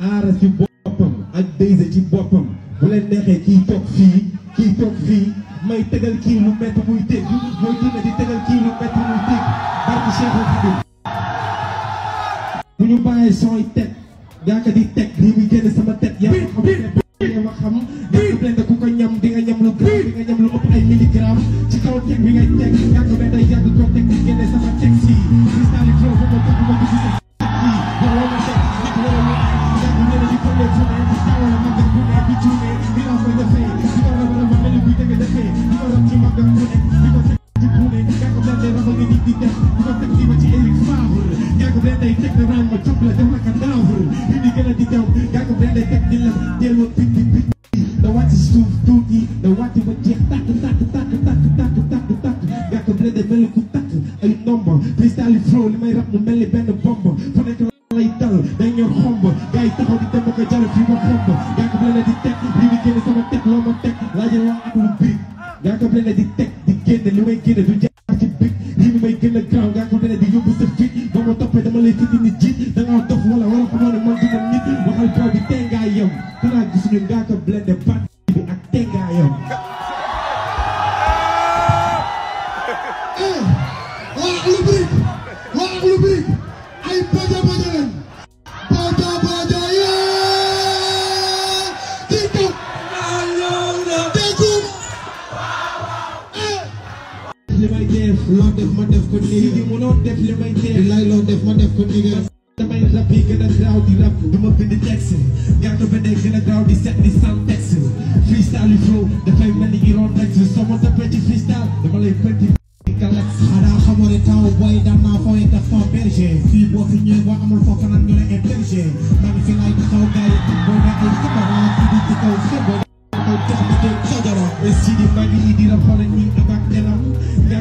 aara ci boppam ak Deyse ci boppam bu leen neexee kii toog fii kii toog fii may tegal kii lu métti muy tëj mooy di tegal kii lu métti bu ñu bàyyee sooy teg yaakaar di teg lii muy génn sama teg yaa xam nga xam nga ku ko ñam di nga ñam lu gramme di nga ñam lu ëpp ay milligramme ci kaw teg bi ngay teg yaakaar day teg di génne sama teg si blende teg de raan ma jub la jox la ka taafu indi gën a di daw yaa ko blende teg the la delloo ma pindi pindi da wàcc suuf tuuti da wàcc ba jeex tàkk tàkk tàkk tàkk tàkk tàkk tàkk yaa ko blende mel ku tàkk ay ndomba cristal yi flow li may rab mu mel ni benn bomb fu nekk lay dal day ñor xomb gars yi taxaw di dem ba ko jaral fii ba xomb yaa ko blende di teg indi génne sama tech. loo ma teg laajal waa ak lu biig yaa ko blende di teg di génne li may génne du jaar ci biig li may the a gaaw yaa ko blende di yóbbu the fit Kau toppee dama lay tëdd ni dengan da ngaa dof wala wala xamoo ne man dina nit waxal kaw bi tengaayam danaa gis ñun ko parti bi ak I'm def loo def ma def ko nii lii mënoon def li may def lay loo def ma def ko nii damay rap yi gën a gaaw di rap a gaaw freestyle yu flow dafay mel ni iron texte soo ma toppee ci freestyle dama lay fekk di galax xanaa xamoo ne taw booy dam naa fooy def foo berger fii boo fi ñëwee boo amul foo fanaan ñu ne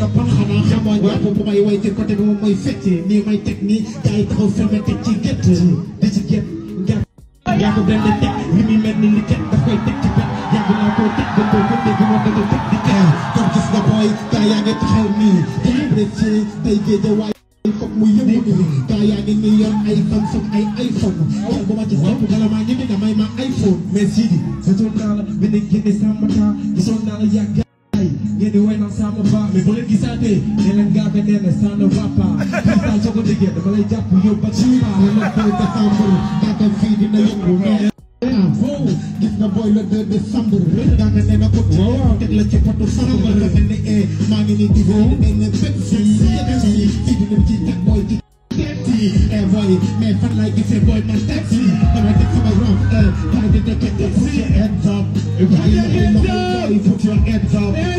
nga bon xanaa xamoo jàpp bu may way ci côté bi moom mooy fecc nii may teg nii gars yi taxaw filmé teg ci gétt di ci gétt ngar yaa ko benn teg li muy mel ni li kenn daf koy teg ci benn yàgg naa koo teg ba koo gëndee bi ma dëgg teg di kër kon gis nga booy gaa yaa ngi taxaw nii di apprécié tey géeja waay foog mu yëngu nii gaa yaa ngi nii yor ay fan foog ay iphone jar bu ma ci sopp dala maa ngi ni damay ma iphone mais Sidi sa soon naa la bi ne génne sàmm taa gisoon naa la yàgg Yeah, they went on some about me. Boleh kisade, nelen gabe nene sana rapa. Kita cukup dikit, mulai japu yo bacima. Nelen kita sambu, kata feed in the young Gis na boy la 2 décembre Danga nee na ko teg la ci potu sambal Dafa ne eh maa ngi ni di boo Ne ne bët si yëpp si Si di ci tag boy ci taxi Eh boy mais fan laay gisee boy man taxi Dama teg sama rom Eh kaay di dëkk taxi Heads up Put your hands up